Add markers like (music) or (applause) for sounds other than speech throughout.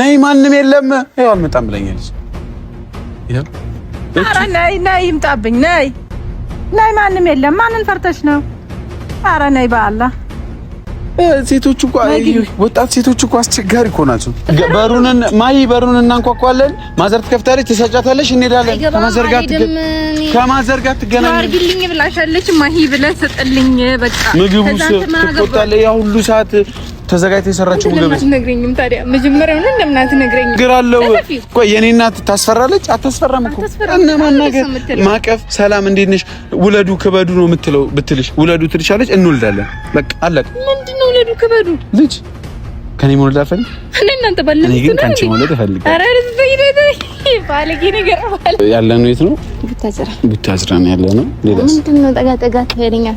ነይ ማንም የለም ይኸው አልመጣም ብለኛለች። ኧረ ነይ ነይ ይምጣብኝ ነይ ነይ ማንም የለም። ማንን ፈርተሽ ነው? አረ ነይ በአላ ሴቶች እኮ ወጣት ሴቶች እኮ አስቸጋሪ እኮ ናቸው። በሩንን ማይ በሩን እናንኳኳለን። ማዘር ትከፍታለች፣ ትሰጫታለች፣ እንሄዳለን። ከማዘር ጋር ከማዘር ብላሻለች። ማሂ ብለህ ስጥልኝ በቃ ምግቡ ትቆጣለህ ያ ሁሉ ሰዓት ተዘጋጅታ የሰራችው ምግብ ነው። አትነግረኝም። ታዲያ መጀመሪያ ምን እንደምን አትነግረኝም? ግራ አለው። ቆይ የኔ እናት ታስፈራለች? አታስፈራም እኮ እና ማናገር፣ ማቀፍ፣ ሰላም እንዴት ነሽ፣ ውለዱ ክበዱ ነው የምትለው። ብትልሽ ውለዱ ትልሻለች፣ እንወልዳለን። በቃ አለቀ። ምንድን ነው ውለዱ ክበዱ? ልጅ ከኔ መውለድ አልፈልግም። እናንተ ባለ ነው ግን ካንቺ መውለድ እፈልጋለሁ። አረ ርዝይ ደደይ ባለጌ ነገር ባለ ያለ ነው። የት ነው? ቡታጅራ ቡታጅራ ነው ያለ ነው። ሌላስ ምንድን ነው? ጠጋ ጠጋ ትሄደኛል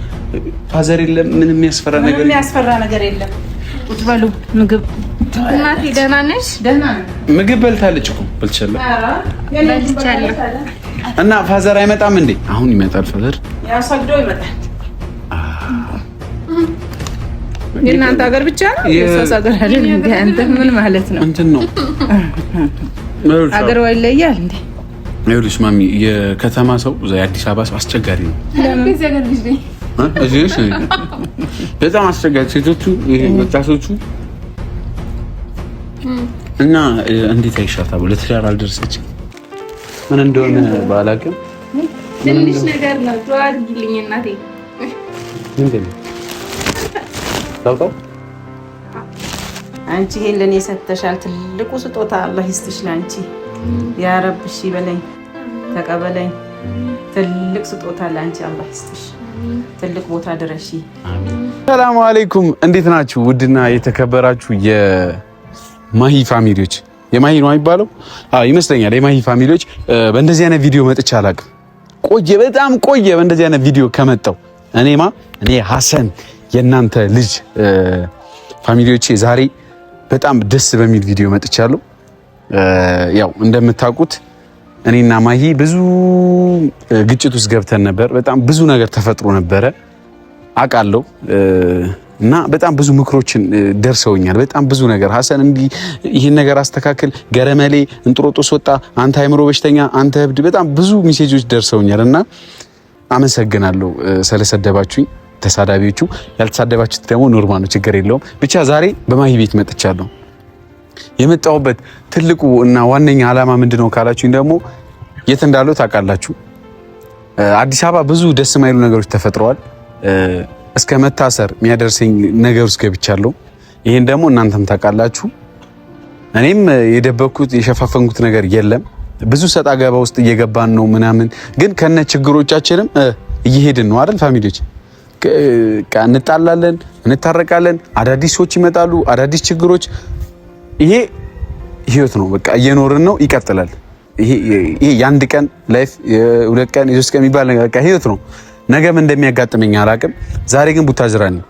ፋዘር የለም። ምንም የሚያስፈራ ነገር የሚያስፈራ ነገር የለም። ቁጭ በሉ ምግብ እናቴ ደህና ነሽ? ደህና ነኝ። ምግብ በልታለች እኮ በልቻለሁ፣ በልቻለሁ። እና ፋዘር አይመጣም እንዴ? አሁን ይመጣል። ፋዘር ያሳግዶ ይመጣል። የእናንተ ሀገር ብቻ ነው የሰው ሀገር አይደል? እንደ አንተ ምን ማለት ነው? እንትን ነው ሀገር ወይ ይለያል እንዴ? ይኸውልሽ ማሚ፣ የከተማ ሰው የአዲስ አበባ ሰው አስቸጋሪ ነው። እዚህ በጣም አስቸጋሪ ሴቶቹ ወጣቶቹ እና እንዴት አይሻታም? ለትዳር አልደረሰች ምን እንደሆነ ባላውቅም ትንሽ ነገር ነው። አድርጊልኝ እናቴ አንቺ ይሄን ለእኔ ትልቁ ስጦታ አላህ ይስጥሽ። ለአንቺ ያ በለኝ፣ ተቀበለኝ ትልቅ ስጦታ ለአንቺ አላህ ይስጥሽ፣ ትልቅ ቦታ ድረሺ። ሰላሙ አሌይኩም እንዴት ናችሁ? ውድና የተከበራችሁ የማሂ ፋሚሊዎች የማሂ ነው የሚባለው ይመስለኛል። የማሂ ፋሚሊዎች በእንደዚህ አይነት ቪዲዮ መጥቼ አላውቅም። ቆየ፣ በጣም ቆየ በእንደዚህ አይነት ቪዲዮ ከመጣው። እኔማ እኔ ሀሰን የእናንተ ልጅ ፋሚሊዎቼ ዛሬ በጣም ደስ በሚል ቪዲዮ መጥቻለሁ። ያው እንደምታውቁት እኔና ማሂ ብዙ ግጭት ውስጥ ገብተን ነበር። በጣም ብዙ ነገር ተፈጥሮ ነበረ አውቃለሁ። እና በጣም ብዙ ምክሮችን ደርሰውኛል። በጣም ብዙ ነገር ሀሰን እንዲህ ይህን ነገር አስተካክል፣ ገረመሌ፣ እንጥሮጦስ ወጣ፣ አንተ አይምሮ በሽተኛ፣ አንተ እብድ፣ በጣም ብዙ ሜሴጆች ደርሰውኛል እና አመሰግናለሁ ስለሰደባችሁኝ። ተሳዳቢዎቹ ያልተሳደባችሁት ደግሞ ኖርማል ነው፣ ችግር የለውም። ብቻ ዛሬ በማሂ ቤት መጥቻለሁ። የመጣሁበት ትልቁ እና ዋነኛ ዓላማ ምንድነው ካላችሁኝ ደግሞ የት እንዳለው ታውቃላችሁ። አዲስ አበባ ብዙ ደስ የማይሉ ነገሮች ተፈጥረዋል። እስከ መታሰር የሚያደርሰኝ ነገር ውስጥ ገብቻለሁ። ይሄን ደግሞ እናንተም ታውቃላችሁ። እኔም የደበኩት የሸፋፈንኩት ነገር የለም። ብዙ ሰጣ ገባ ውስጥ እየገባን ነው ምናምን፣ ግን ከነ ችግሮቻችንም እየሄድን ነው አይደል ፋሚሊዎች? እንጣላለን፣ እንታረቃለን፣ አዳዲሶች ይመጣሉ፣ አዳዲስ ችግሮች ይሄ ህይወት ነው። በቃ እየኖርን ነው፣ ይቀጥላል። ይሄ የአንድ ቀን ላይፍ የሁለት ቀን የሶስት ቀን የሚባል ነገር በቃ ህይወት ነው። ነገም እንደሚያጋጥመኝ አላቅም። ዛሬ ግን ቡታጅራ ነው።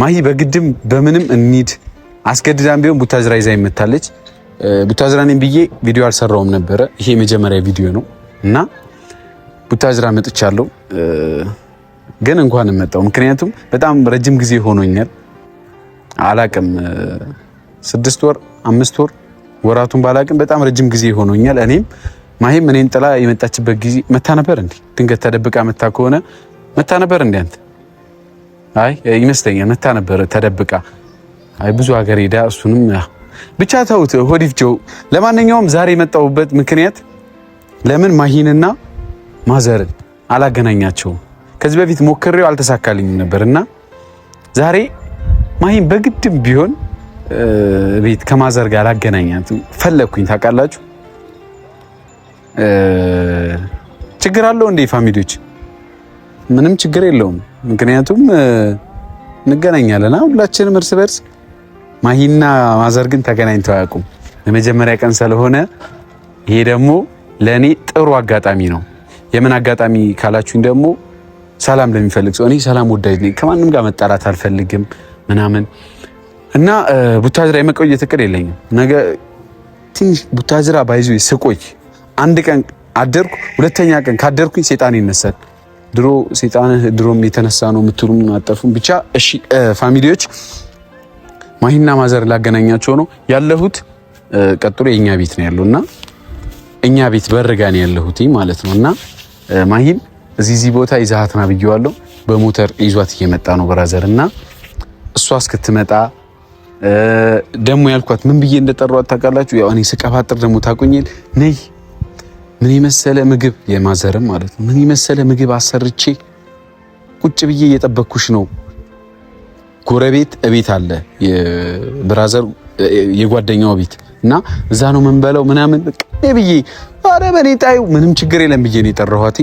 ማሂ በግድም በምንም እንሂድ አስገድዳም ቢሆን ቡታጅራ ይዛ ይመታለች። ቡታጅራ ነኝ ብዬ ቪዲዮ አልሰራውም ነበረ። ይሄ የመጀመሪያ ቪዲዮ ነው እና ቡታጅራ መጥቻለሁ። ግን እንኳን መጣው፣ ምክንያቱም በጣም ረጅም ጊዜ ሆኖኛል አላቅም ስድስት ወር አምስት ወር ወራቱን ባላቅም በጣም ረጅም ጊዜ ሆኖኛል። እኔም ማሄም እኔን ጥላ የመጣችበት ጊዜ መታ ነበር እንዴ? ድንገት ተደብቃ መታ ከሆነ መታ ነበር እንዴ? አንተ አይ ይመስለኛል መታ ነበር ተደብቃ። አይ ብዙ ሀገር ሄዳ እሱንም ብቻ ተውት። ሆዲፍጆ ለማንኛውም ዛሬ የመጣሁበት ምክንያት ለምን ማሂንና ማዘርን አላገናኛቸውም። ከዚህ በፊት ሞክሬው አልተሳካልኝም ነበርና ዛሬ ማሂን በግድም ቢሆን ቤት ከማዘር ጋር አገናኛት ፈለግኩኝ። ታውቃላችሁ ችግር አለው እንዴ ፋሚሊዎች? ምንም ችግር የለውም። ምክንያቱም እንገናኛለን ሁላችንም እርስ በርስ። ማሂና ማዘር ግን ተገናኝተው አያውቁም። ለመጀመሪያ ቀን ስለሆነ ይሄ ደግሞ ለእኔ ጥሩ አጋጣሚ ነው። የምን አጋጣሚ ካላችሁኝ ደግሞ ሰላም ለሚፈልግ ሰው እኔ ሰላም ወዳጅ ነኝ። ከማንም ጋር መጣላት አልፈልግም ምናምን እና ቡታጅራ የመቆየት እቅድ የለኝም። ነገ ትንሽ ቡታጅራ ባይዞ ስቆይ አንድ ቀን አደርኩ፣ ሁለተኛ ቀን ካደርኩኝ ሴጣን ይነሳል። ድሮ ሴጣንህ ድሮም የተነሳ ነው የምትሉም አጠፉም። ብቻ እሺ ፋሚሊዎች፣ ማሂና ማዘር ላገናኛቸው ነው ያለሁት። ቀጥሎ የእኛ ቤት ነው ያለው እና እኛ ቤት በርጋ ነው ያለሁት ማለት ነው እና ማሂን እዚህ እዚህ ቦታ ይዛሃትና ብዬዋለሁ። በሞተር ይዟት እየመጣ ነው ብራዘር እና እሷ እስክትመጣ ደግሞ ያልኳት ምን ብዬ እንደጠሯት ታውቃላችሁ? ያው እኔ ስቀባጥር ደግሞ ታቆኝል ነይ ምን የመሰለ ምግብ የማዘርም ማለት ነው ምን የመሰለ ምግብ አሰርቼ ቁጭ ብዬ እየጠበኩሽ ነው። ጎረቤት እቤት አለ የብራዘር የጓደኛው ቤት እና እዛ ነው የምንበለው ምናምን ብዬ አረ በኔ ጣዩ ምንም ችግር የለም ብዬ ነው የጠራኋት።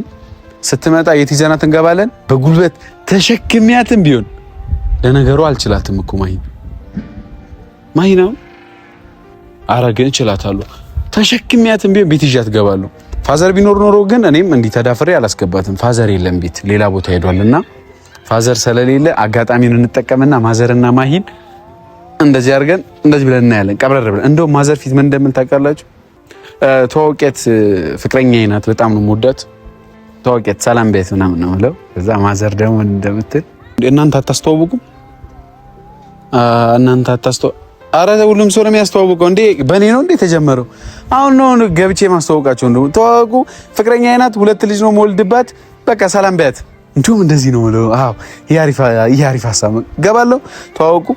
ስትመጣ የት ይዘናት እንገባለን? በጉልበት ተሸክሚያትም ቢሆን ለነገሩ አልችላትም እኮ ማይ ማሂናም አረገ እችላታለሁ። ተሸክሚያትም ቢሆን ቤት ይዣት እገባለሁ። ፋዘር ቢኖር ኖሮ ግን እኔም እንዲህ ተዳፍሬ አላስገባትም። ፋዘር የለም ቤት ሌላ ቦታ ሄዷልና ፋዘር ስለሌለ አጋጣሚን እንጠቀምና ማዘርና ማሂን እንደዚህ አድርገን እንደዚህ ብለን እናያለን። ቀብረር ብለን እንደውም ማዘር ፊት ምን እንደምን ታውቃላችሁ? ተዋውቄት ፍቅረኛ ናት፣ በጣም ነው የምወዳት። ተዋውቄት ሰላም ቤት ምናምን ነው ብለው ከዛ ማዘር ደግሞ እንደምትል እናንተ አታስተዋውቁም እናንተ አታስተዋ አረ ሁሉም ሰው ነው የሚያስተዋውቀው። እንዴ በእኔ ነው እንዴ ተጀመረው? አሁን ነው ገብቼ ማስተዋወቃቸው። እንደው ተዋወቁ፣ ፍቅረኛ አይናት፣ ሁለት ልጅ ነው መወልድባት። በቃ ሰላም በያት። እንዲሁም እንደዚህ ነው ብለው። አዎ ይሄ አሪፍ ሀሳብ ነው። ገባለሁ። ተዋወቁ።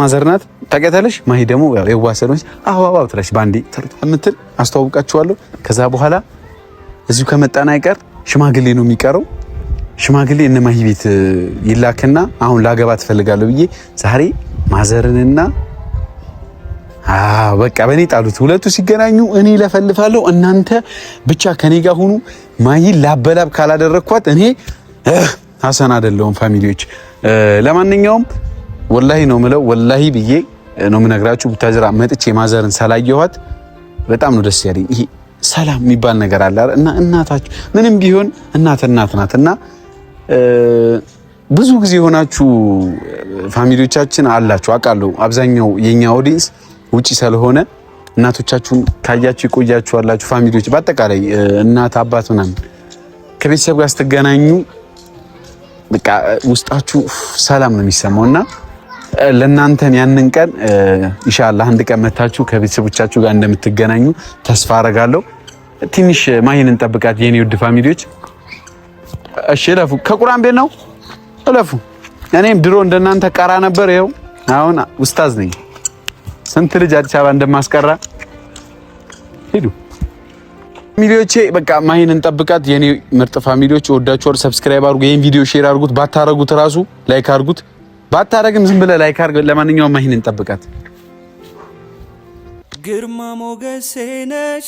ማዘር ናት ታውቂያታለሽ። ማሂ ደግሞ የዋሰዶች አዋባ ትለሽ ባንዴ የምትል አስተዋውቃችኋለሁ። ከዛ በኋላ እዚሁ ከመጣን አይቀር ሽማግሌ ነው የሚቀረው። ሽማግሌ እነ ማሂ ቤት ይላክና አሁን ላገባ ትፈልጋለሁ ብዬ ዛሬ ማዘርንና በቃ በእኔ ጣሉት። ሁለቱ ሲገናኙ እኔ ለፈልፋለሁ፣ እናንተ ብቻ ከኔ ጋር ሁኑ። ማይን ላበላብ ካላደረግኳት እኔ ሀሰን አይደለሁም። ፋሚሊዎች፣ ለማንኛውም ወላሂ ነው ምለው፣ ወላሂ ብዬ ነው ምነግራችሁ። ቡታጅራ መጥቼ ማዘርን ሳላየኋት በጣም ነው ደስ ያለኝ። ይሄ ሰላም የሚባል ነገር አለ እና እናታችሁ ምንም ቢሆን እናት እናት ናት እና ብዙ ጊዜ የሆናችሁ ፋሚሊዎቻችን አላችሁ አውቃለሁ። አብዛኛው የኛ ኦዲንስ ውጪ ስለሆነ እናቶቻችሁን ካያችሁ ይቆያችኋላችሁ። ፋሚሊዎች በአጠቃላይ እናት አባት ምናምን ከቤተሰብ ጋር ስትገናኙ በቃ ውስጣችሁ ሰላም ነው የሚሰማው እና ለእናንተም ያንን ቀን ኢንሻአላህ አንድ ቀን መታችሁ ከቤተሰቦቻችሁ ጋር እንደምትገናኙ ተስፋ አረጋለሁ። ትንሽ ማይን እንጠብቃት የኔ ውድ ፋሚሊዎች። እሺ እለፉ፣ ከቁርአን ቤት ነው እለፉ። እኔም ድሮ እንደናንተ ቀራ ነበር፣ ይኸው አሁን ኡስታዝ ነኝ። ስንት ልጅ አዲስ አበባ እንደማስቀራ ሄዱ። ፋሚሊዎቼ በቃ ማሂን እንጠብቃት። የኔ ምርጥ ፋሚሊዎች ወዳችኋል። ሰብስክራይብ አድርጉ። ይሄን ቪዲዮ ሼር አድርጉት። ባታረጉት ራሱ ላይክ አድርጉት። ባታረግም ዝም ብለህ ላይክ አድርግ። ለማንኛውም ማሂን እንጠብቃት። ግርማ ሞገሴ ነሽ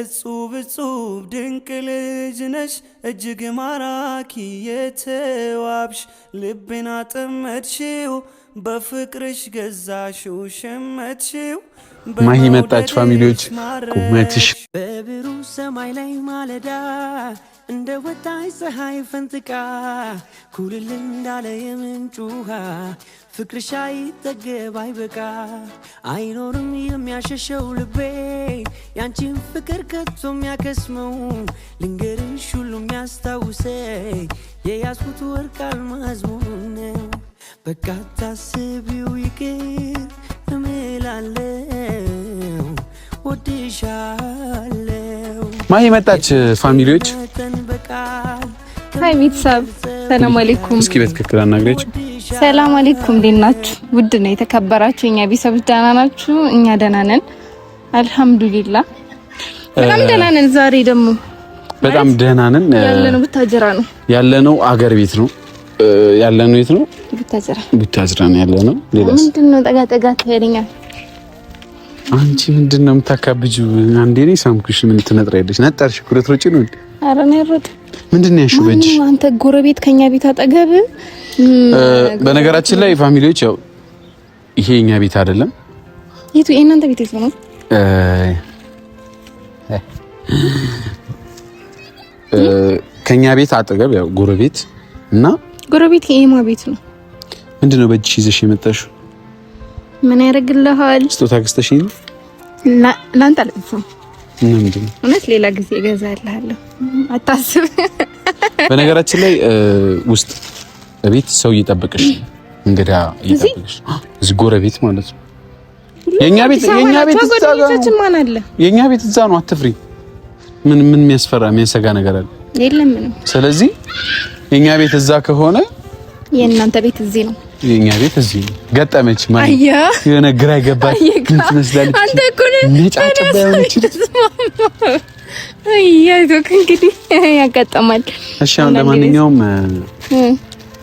እጹብ እጹብ ድንቅ ልጅ ነሽ እጅግ ማራኪ የተዋብሽ ልቤን አጥመድሽው በፍቅርሽ ገዛሽው ሸመትሽው ማሂ መጣች ፋሚሊዎች ቁመትሽ በብሩ ሰማይ ላይ ማለዳ እንደ ወጣች ፀሐይ ፈንጥቃ ኩልል እንዳለ የምንጩሃ ፍቅርሽ አይጠገብ አይበቃ አይኖርም የሚያሸሸው ልቤ ያንቺን ፍቅር ከቶ የሚያከስመው ልንገርሽ ሁሉ የሚያስታውሰ የያዝኩት ወርቅ አልማዝ ነው። በቃ ታስቢው ይቅር እምላለው ወድሻለው። ማሂ መጣች ፋሚሊዎች ሀይ ቤተሰብ ሰላም አለይኩም። እስኪ በትክክል አናግረች። ሰላም አለይኩም እንዴት ናችሁ? ውድ ነው የተከበራችሁ እኛ ቤተሰቦች ደህና ናችሁ? እኛ ደህና ነን አልሐምዱሊላህ፣ በጣም ደህና ነን። ዛሬ ደግሞ በጣም ደህና ነን። ያለነው ቡታጅራ ነው። ያለነው አገር ቤት ነው ያለነው። የት ነው? ቡታጅራ። ቡታጅራ ነው ያለነው። ሌላስ ምንድን ነው? ጠጋ ጠጋ ትሄደኛል አንቺ ምንድን ነው የምታካብጂው? አንዴ እኔ ሳምኩሽ። ምን ትነጥሪያለሽ? ነጠርሽ። ኩረት ሮጪ ነው ኧረ እኔ አልሮጥም። ምንድን ነው ያልሽው በእጅሽ? አንተ ጎረቤት ከኛ ቤት አጠገብ። በነገራችን ላይ ፋሚሊዎች ያው ይሄ የኛ ቤት አይደለም። የቱ የእናንተ ቤት ነው? ከኛ ቤት አጠገብ ያው ጎረቤት እና ጎረቤት የማ ቤት ነው። ምንድን ነው በእጅሽ ይዘሽ የመጣሽው? ምን ያደርግልሃል? ስጦታ ገዝተሽኝ? ላንተ አልገዛም እውነት ሌላ ጊዜ እገዛልሃለሁ አታስብ። በነገራችን ላይ ውስጥ ቤት ሰው እየጠበቅሽ እንግዳ እዚህ ጎረቤት ማለት ነው። የኛ ቤት የኛ ቤት የኛ ቤት እዛ ነው። አትፍሪ። ምን ምን የሚያስፈራ የሚያሰጋ ነገር አለ? የለም ምንም። ስለዚህ የኛ ቤት እዛ ከሆነ የእናንተ ቤት እዚህ ነው። የኛ ቤት እዚህ ገጠመች ማለት የሆነ ግራ ይገባል። አንተ እኮ እንግዲህ (laughs) ያጋጠማል። እሺ አሁን ለማንኛውም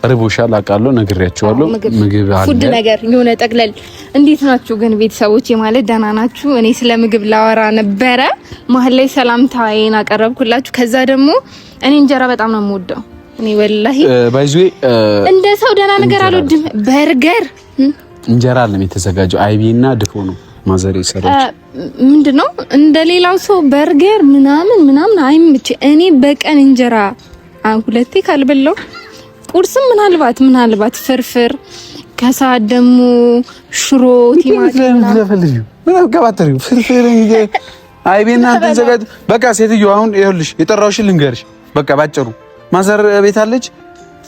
ርቦሻል አውቃለሁ፣ ነግሬያቸዋለሁ። ምግብ አለ ፉድ ነገር የሆነ ጠቅለል። እንዴት ናችሁ ግን ቤተሰቦች ማለት ደህና ናችሁ? እኔ ስለ ምግብ ላወራ ነበረ፣ መሀል ላይ ሰላምታዬን አቀረብኩላችሁ። ከዛ ደግሞ እኔ እንጀራ በጣም ነው የምወደው እኔ ወላሂ ባይዙዌ እንደ ሰው ደህና ነገር አልወድም። በርገር እንጀራ አለም የተዘጋጀው ድፎ ነው ማዘር ምንድን ነው እንደ ሌላው ሰው በርገር ምናምን ምናምን አይምች። እኔ በቀን እንጀራ ሁለቴ ካልበላው ቁርስም ምናልባት ምናልባት ፍርፍር ከሰዓት ደግሞ ሽሮ በቃ ሴትዮ አሁን ይኸውልሽ የጠራውሽን ልንገርሽ በቃ ባጭሩ ማዘር ቤት አለች፣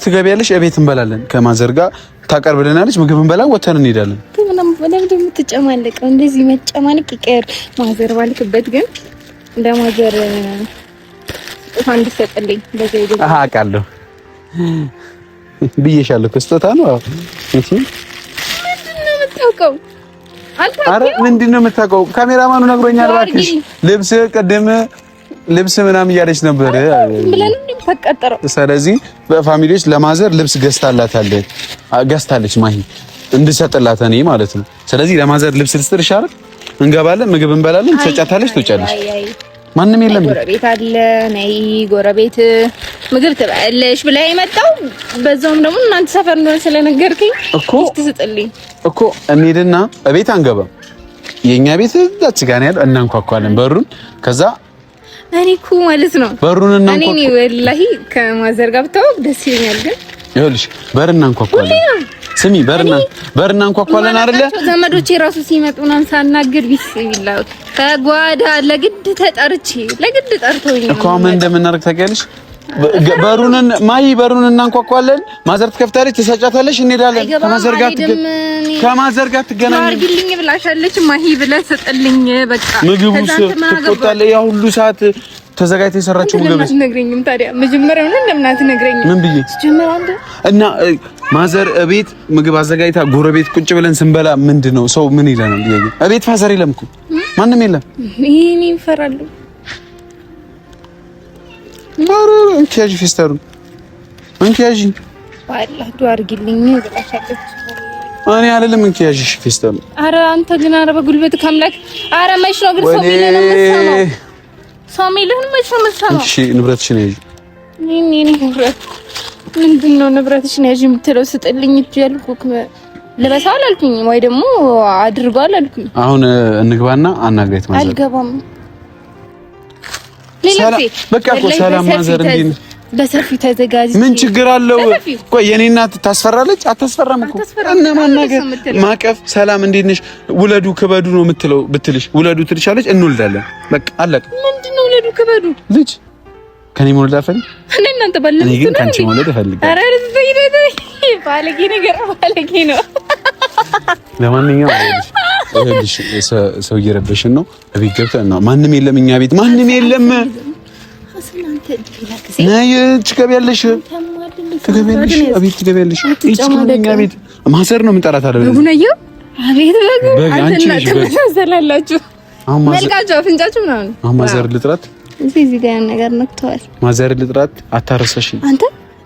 ትገቢያለሽ፣ እቤት እንበላለን። ከማዘር ጋር ታቀርብልናለች፣ ምግብ እንበላ፣ ወተን እንሄዳለን። በደምብ የምትጨማለቀው እንደዚህ መጨማለቅ ይቀር። ማዘር ባልክበት ግን እንደ ማዘር ስጦታ እንድትሰጥልኝ በዚህ ይደግ አሃ አውቃለሁ ብዬሻለሁ። ስጦታ ነው እሺ። ምንድን ነው የምታውቀው? ካሜራማኑ ነግሮኛል። እባክሽ ልብስ ቅድም ልብስ ምናምን እያለች ነበር። ስለዚህ በፋሚሊዎች ለማዘር ልብስ ገዝታላታለች ገዝታለች ማሂ እንድሰጥላት እኔ ማለት ነው። ስለዚህ ለማዘር ልብስ ልስጥልሽ አይደል? እንገባለን፣ ምግብ እንበላለን፣ ትሰጫታለች፣ ትወጫለች። ማንም የለም። ጎረቤት አለ፣ ነይ ጎረቤት ምግብ ትበላለሽ ብላ የመጣው በዛውም ደግሞ እናንተ ሰፈር እንደሆነ ስለነገርከኝ እኮ ትስጥልኝ እኮ እንሂድና እቤት አንገባም። የኛ ቤት እዛች ጋር ያለው። እናንኳኳለን በሩን ከዛ እኔ እኮ ማለት ነው በሩን እና እኔ ወላሂ ከማዘር ጋር ብታወቅ ደስ ይለኛል። ግን ይኸውልሽ በር እናንኳኳለን። ስሚ በር እናንኳኳለን አይደለ? ዘመዶቼ ራሱ ሲመጡ ምናምን ሳናግር ቢስ ይላል ከጓዳ ለግድ ተጠርቼ ለግድ ጠርቶኝ እኮ ምን እንደምናደርግ ታውቂያለሽ? በሩንን ማይ በሩን እናንኳኳለን። ማዘር ትከፍታለች፣ ትሰጫታለች፣ እንሄዳለን። ከማዘርጋት ከማዘርጋት ትገናኝ አርግልኝ ብላሻለች። ማይ ብለህ ሰጠልኝ። በቃ ምግቡ ትቆጣለህ። ያ ሁሉ ሰዓት ተዘጋጅተህ የሰራችው ምግብ አትነግረኝም። ታዲያ መጀመሪያ ምን እንደምናት ነግረኝ። ምን ብዬ እና ማዘር እቤት ምግብ አዘጋጅታ ጎረቤት ቁጭ ብለን ስንበላ ምንድን ነው ሰው ምን ይለናል? እቤት ፋዘር የለም እኮ ማንም የለም። ይሄ እኔ እፈራለሁ እንኪያዥ ፌስታሩን እንኪያዥ እኔ አይደለም እንኪያዥ ፌስታሩን። ኧረ አንተ ግን ኧረ በጉልበት ከአምላክ ኧረ መች ነው ግን ሰው የሚልህን የምትሰማው? ሰው የሚልህን መች ነው የምትሰማው? እሺ ንብረትሽን ያዥ። ምንድን ነው ንብረትሽን ያዥ የምትለው? ስጥልኝ እጅ ያልኩህ ልበሳው አላልኩኝም ወይ ደግሞ አድርጓል አልኩኝ። አሁን እንግባና አናግሬት ማለት አልገባም ሰላም ማዘር፣ እንዴት ለሰፊ ተዘጋጅ። ምን ችግር አለው? ቆይ የኔ እናት ታስፈራለች? አታስፈራም እኮ እና ማናገር ማቀፍ፣ ሰላም እንዴት ነሽ? ውለዱ ክበዱ ነው የምትለው። ብትልሽ ውለዱ ትልሻለች፣ እንወልዳለን። በቃ አለቀ። ምንድን ነው ውለዱ ክበዱ? ልጅ ከኔ መውለድ አልፈልግም። እኔ እናንተ ባለኝ እኔ ግን ካንቺ መውለድ እፈልጋለሁ። ኧረ ባለጌ ነገር ባለጌ ነው። ለማንኛውም (laughs) ይኸውልሽ ሰው እየረበሽን ነው። እቤት ገብተን ነው ማንም የለም፣ እኛ ቤት ማንም የለም። ነይ ትገቢያለሽ፣ ትገቢያለሽ፣ እቤት ትገቢያለሽ። እኛ ቤት ማሰር ነው የምንጠራት አለ አቤት በግ አንቺ ነሽ መልካቸው አፍንጫችሁ ምናምን አሁን ማዘር ልጥራት እዚህ እዚህ ጋር ነገር ነክተዋል ማዘር ልጥራት አታረሰሽ አንተ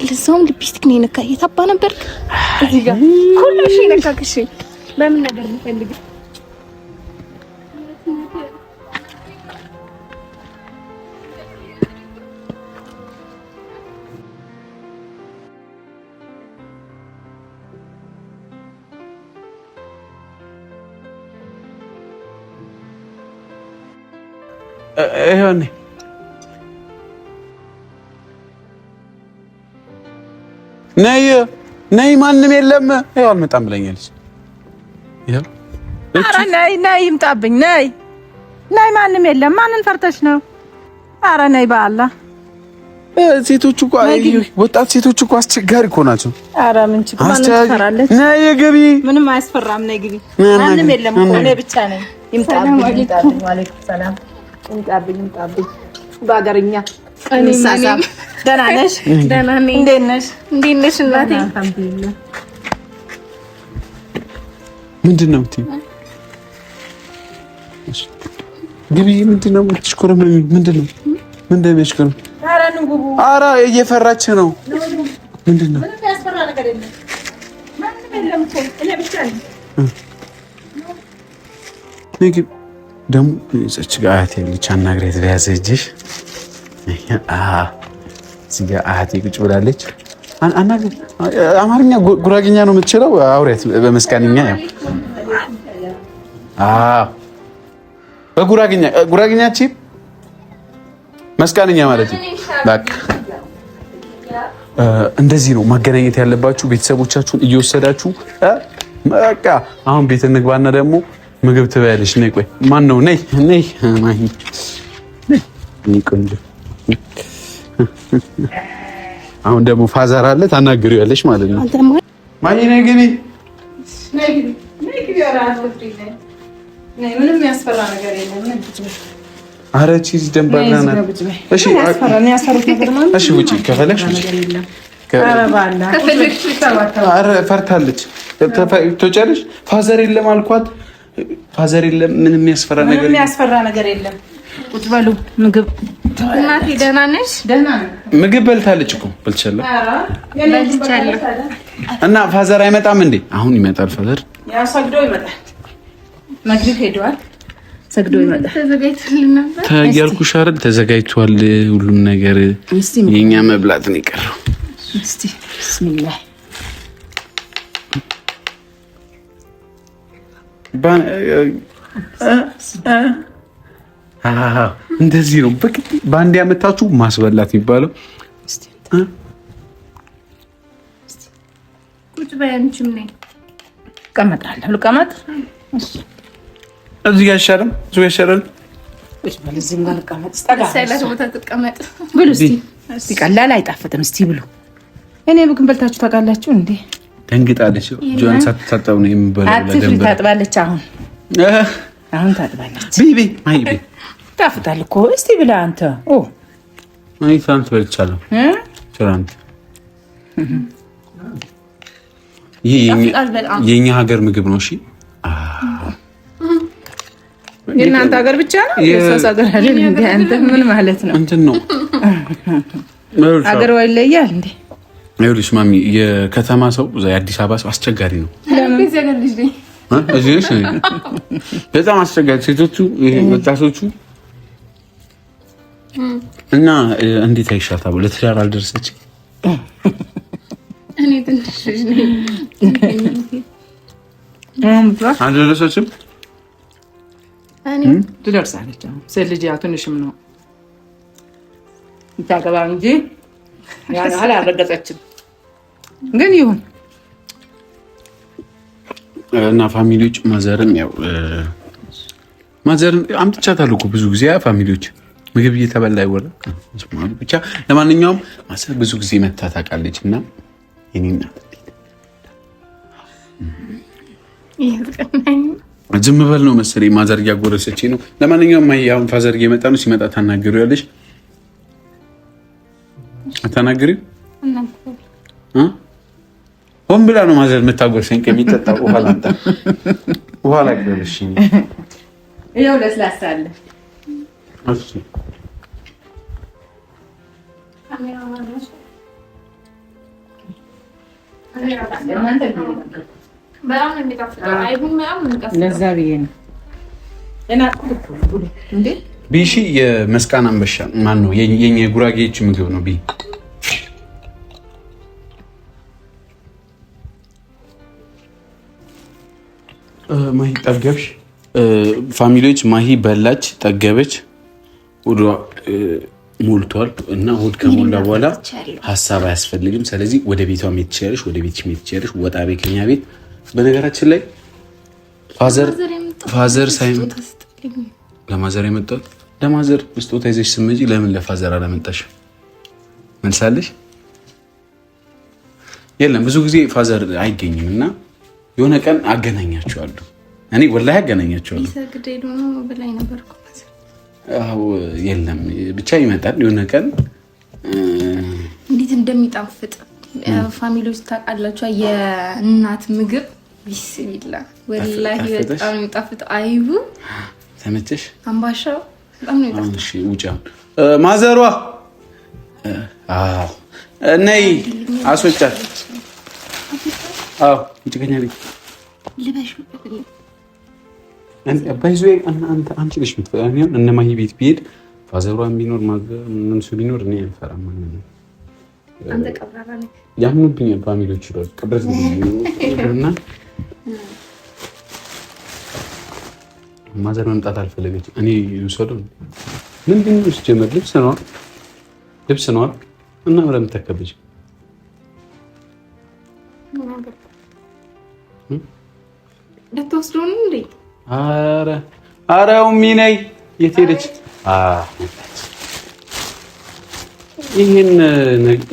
ለሰውም ሊፕስቲክ ነው የነካ የታባ ነበር እዚህ ጋር ሁሉ እሺ ነካክሽ በምን ነገር ልፈልግ ይሄኔ ነይ ነይ፣ ማንም የለም። ይኸው አልመጣም ብለኛለች። ኧረ ነይ ነይ፣ ይምጣብኝ። ነይ ነይ፣ ማንም የለም። ማንን ፈርተሽ ነው? ኧረ ነይ በአላህ። ሴቶቹ እኮ ወጣት ሴቶች እኮ አስቸጋሪ እኮ ናቸው። ኧረ ምን ችግር ማንም ትፈራለች? ነይ ግቢ፣ ምንም አያስፈራም። ነይ ግቢ፣ ማንም የለም እኮ እኔ ብቻ ነኝ። ይምጣብኝ። ወአለይኩም ሰላም እንጣብኝ ይምጣብኝ በሀገርኛ እንሳሳም። ደህና ነሽ? ደህና ነኝ። እንዴት ነሽ? እንዴት ነሽ እናቴ? ምንድን ነው የምትይው? ግቢ። ምንድን ነው የምትሽኮረመሚው? ምንድን ነው ምንድን ነው የሽኮረ? ኧረ እየፈራች ነው። ምንድን ነው ምንም ደግሞ እች ጋ አያቴ ልጅ አናግራ የተያዘ እጅሽ እዚህ ጋ አያቴ ቁጭ ብላለች። አማርኛ ጉራግኛ ነው የምትችለው። አውሪያት በመስቃንኛ በጉራጌኛ ጉራጌኛ ቺ መስቃንኛ ማለት ነው። እንደዚህ ነው መገናኘት ያለባችሁ ቤተሰቦቻችሁን እየወሰዳችሁ በቃ አሁን ቤት እንግባና ደግሞ ምግብ ትበያለሽ። ነይ ቆይ፣ ማን ነው? ነይ ነይ፣ ማሂ ነይ፣ ቆንጆ። አሁን ደግሞ ፋዘር አለ ታናግሪያለሽ ማለት ነው። ማሂ ነይ ግቢ፣ ነይ ግቢ፣ ነይ ግቢ። ምንም ያስፈራ ነገር የለም። ኧረ ቺዝ ደንባራ ናት። እሺ፣ እሺ፣ ውጪ ከፈለግሽ ውጪ ከፈለግሽ። ፈርታለች። ተጨርሽ ፋዘር የለም አልኳት ፋዘር የለም። ምንም የሚያስፈራ ነገር የሚያስፈራ ነገር የለም። ቁጭ በሉ ምግብ እናቴ ደህና ነሽ? ደህና ምግብ በልታለች እኮ በልቻለሁ፣ እና ፋዘር አይመጣም እንዴ? አሁን ይመጣል። ፋዘር ያው ሰግዶ ይመጣል። መግሪብ ሄደዋል። ሰግዶ ተያልኩሽ አይደል? ተዘጋጅቷል ሁሉም ነገር። የኛ መብላት ነው የቀረው። እንደዚህ ነው በግድ በአንድ ያመታችሁ ማስበላት ይባለው። እቀመጣለሁ ልቀመጥ። እዚህ አይሻልም? እሱ ያሻላል። ቀላል አይጣፍጥም። እስቲ ብሉ። እኔ ምግብ በልታችሁ ታውቃላችሁ እንዴ? ደንግጣለች። ጆን ሳትታጠብ ነው የሚበላው። አትፍሪ፣ ታጥባለች። አሁን አሁን ታጥባለች። ቤቢ አይ ቤቢ ታፍጣል እኮ እስቲ ብላ አንተ። ኦ እኔ ትናንት በልቻለሁ። ትናንት ይህ የእኛ ሀገር ምግብ ነው። እሺ የእናንተ ሀገር ብቻ ነው የሰው ሀገር አይደል? እንደ አንተ ምን ማለት ነው? እንትን ነው ሀገር ወይ ይለያል እንዴ? ይኸውልሽ ማሚ የከተማ ሰው የአዲስ አበባ ሰው አስቸጋሪ ነው። በጣም አስቸጋሪ ሴቶቹ፣ ወጣቶቹ እና እንዴት አይሻታ ለትዳር አልደረሰች አልደረሰችም። ትደርሳለች። ሴት ልጅ ትንሽም ነው ታገባ እንጂ ያህል አልረገጠችም። ግን ይሁን እና ፋሚሊዎች ማዘርም ያው ማዘርም አምጥቻታለሁ እኮ ብዙ ጊዜ ፋሚሊዎች ምግብ እየተበላ ይወራ ብቻ። ለማንኛውም ማዘር ብዙ ጊዜ መታ ታውቃለች እና ይኔና ዝም በል ነው መሰለኝ ማዘር እያጎረሰች ነው። ለማንኛውም አሁን ፋዘር እየመጣ ነው። ሲመጣ ታናገሩ ያለች አታናግሪው ሆን ብላ ነው ማዘር የምታጎርሰኝ። ከሚጠጣ ውሃ ላንጣ ውሃ ላቅርብሽ። ይኸው ለስላሳ አለ። ለዛ ብዬ ነው ቢሺ የመስቃን አንበሻ ማን ነው? የኛ የጉራጌዎች ምግብ ነው ቢ ማሂ ጠገብሽ። ፋሚሊዎች ማሂ በላች፣ ጠገበች፣ ሆዷ ሞልቷል እና ሆድ ከሞላ በኋላ ሀሳብ አያስፈልግም። ስለዚህ ወደ ቤቷ መሄድ ትችያለሽ፣ ወደ ቤት መሄድ ትችያለሽ። ወጣ ቤት ከኛ ቤት በነገራችን ላይ ፋዘር ሳይመጣ ለማዘር የመጣሁት ለማዘር ስጦታ ይዘሽ ስመጪ ለምን ለፋዘር አላመጣሽ መልሳለሽ? የለም ብዙ ጊዜ ፋዘር አይገኝም እና የሆነ ቀን አገናኛቸዋለሁ። እኔ ወላሂ አገናኛቸዋለሁ። የለም ብቻ ይመጣል የሆነ ቀን እንዴት እንደሚጣፍጥ ፋሚሊዎች ታውቃላችሁ። የእናት ምግብ ቢስሚላ ወላሂ በጣም ነው የሚጣፍጠው። አይቡ ተመቸሽ? አምባሻው በጣም ነው የሚጣፍጠው። ማዘሯ ነይ አስወጫት አዎ ይጭቀኛ ቤት ልበሽ ባይዞ አንቺ ልሽ ምትፈጣሚሆን እነ ማሂ ቤት ቢሄድ ፋዘሯን ቢኖር ምንሱ ቢኖር እኔ አልፈራም። ያምኑብኛል ፋሚሊዎች ይሏል ቅብረት (laughs) እና ማዘር መምጣት አልፈለገች። እኔ ይውሰዱ ምንድን ነው ሲጀመር ልብስ ነዋ ልብስ ነዋ እና ምረምተከበች ልትወስደው ነው እንዴ? ኧረ ኧረ ኡሚ ነይ። የት ሄደች? ይህን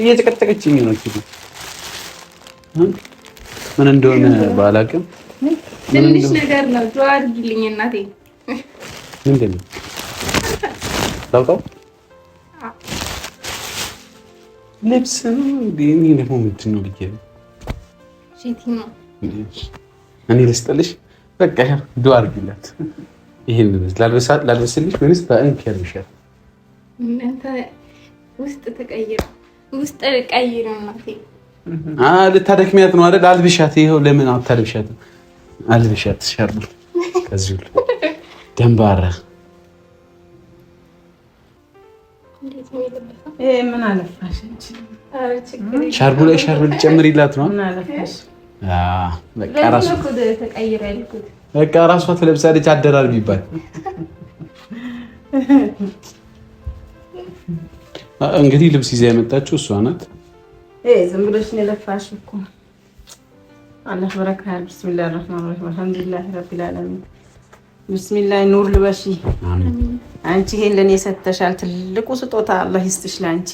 እየጨቀጨቀችኝ ነው። ምን እንደሆነ ባላውቅም ትንሽ ነገር ነው። ጆ አድርጊልኝ እናቴ። ምንድን ነው ታውቀው ልብስ ነው። ደግሞ ምንድን ነው ብዬሽ ነው እኔ ልስጥልሽ፣ በቃ ይሄ ዱ አድርጊላት። ይህን ላልበስልሽ ወይስ በእንክ ያልብሻል? ውስጥ ተቀይረ ውስጥ ቀይረ ልታደክሚያት ነው አይደል? አልብሻት። ይኸው ለምን አታልብሻት? አልብሻት ሻሉ ከዚህ ሁሉ ምን ደንባራ ሻርቡ ላይ ሻርብ ይላት ነው ምን አለፋሽ በቃ ራሷ ትለብሳለች። አደራር የሚባል እንግዲህ ልብስ ይዛ የመጣችው እሷ ናት። ዝም ብሎሽ የለፋሽ እኮ አላህ በረካ ያል። ብስሚላ ረህማን ረሂም አልሐምዱሊላ ረቢል ዓለሚን ብስሚላ ኑር ልበሺ። አንቺ ይሄን ለእኔ ሰተሻል። ትልቁ ስጦታ አላህ ይስጥሽ ለአንቺ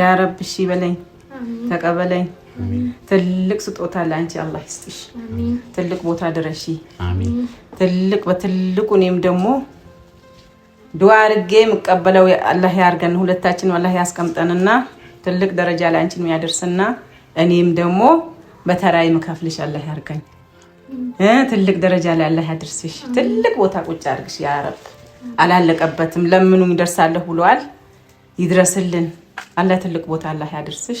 ያ ረብ። እሺ በለኝ ተቀበለኝ ትልቅ ስጦታ ለአንቺ አላህ ይስጥሽ። ትልቅ ቦታ ድረሺ። ትልቅ በትልቁ እኔም ደግሞ ድዋ አድርጌ የምቀበለው አላህ ያርገን፣ ሁለታችን አላህ ያስቀምጠንና ትልቅ ደረጃ ለአንቺን የሚያደርስና እኔም ደግሞ በተራይ መካፍልሽ አላህ ያርገኝ። ትልቅ ደረጃ ላይ አላህ ያድርስሽ። ትልቅ ቦታ ቁጭ አድርግሽ። ያረብ። አላለቀበትም። ለምኑ ደርሳለሁ ብለዋል። ይድረስልን። አላህ ትልቅ ቦታ አላህ ያድርስሽ።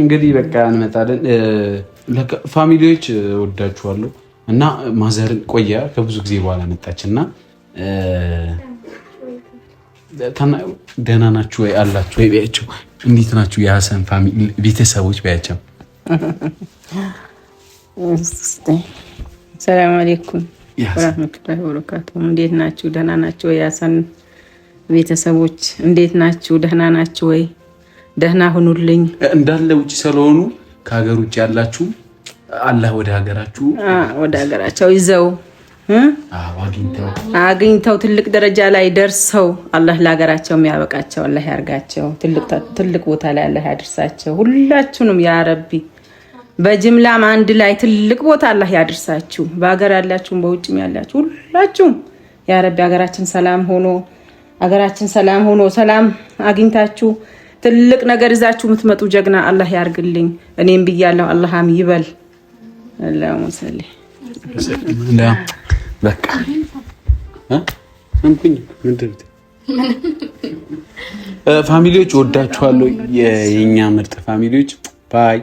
እንግዲህ በቃ እንመጣለን። ፋሚሊዎች ወዳችኋለሁ እና ማዘርን ቆያ ከብዙ ጊዜ በኋላ መጣች እና ደህና ናችሁ ወይ አላችሁ ወይ ቢያቸው፣ እንዴት ናችሁ የሀሰን ፋሚሊ ቤተሰቦች ቢያቸው። ሰላም አሌይኩም ረመቱላ ወበረካቱሁ። እንዴት ናችሁ? ደህና ናችሁ ወይ ሀሰን ቤተሰቦች እንዴት ናችሁ? ደህና ናችሁ ወይ? ደህና ሁኑልኝ። እንዳለ ውጭ ስለሆኑ ከሀገር ውጭ ያላችሁ አላህ ወደ ሀገራችሁ ወደ ሀገራቸው ይዘው አግኝተው ትልቅ ደረጃ ላይ ደርሰው አላህ ለሀገራቸው የሚያበቃቸው አላህ ያርጋቸው። ትልቅ ቦታ ላይ አላህ ያደርሳቸው። ሁላችሁንም ያረቢ በጅምላም አንድ ላይ ትልቅ ቦታ አላህ ያደርሳችሁ። በሀገር ያላችሁም በውጭም ያላችሁ ሁላችሁም ያረቢ ሀገራችን ሰላም ሆኖ አገራችን ሰላም ሆኖ ሰላም አግኝታችሁ ትልቅ ነገር ይዛችሁ የምትመጡ ጀግና አላህ ያርግልኝ። እኔም ብያለሁ፣ አላህም ይበል። ፋሚሊዎች ወዳችኋለሁ፣ የእኛ ምርጥ ፋሚሊዎች ባይ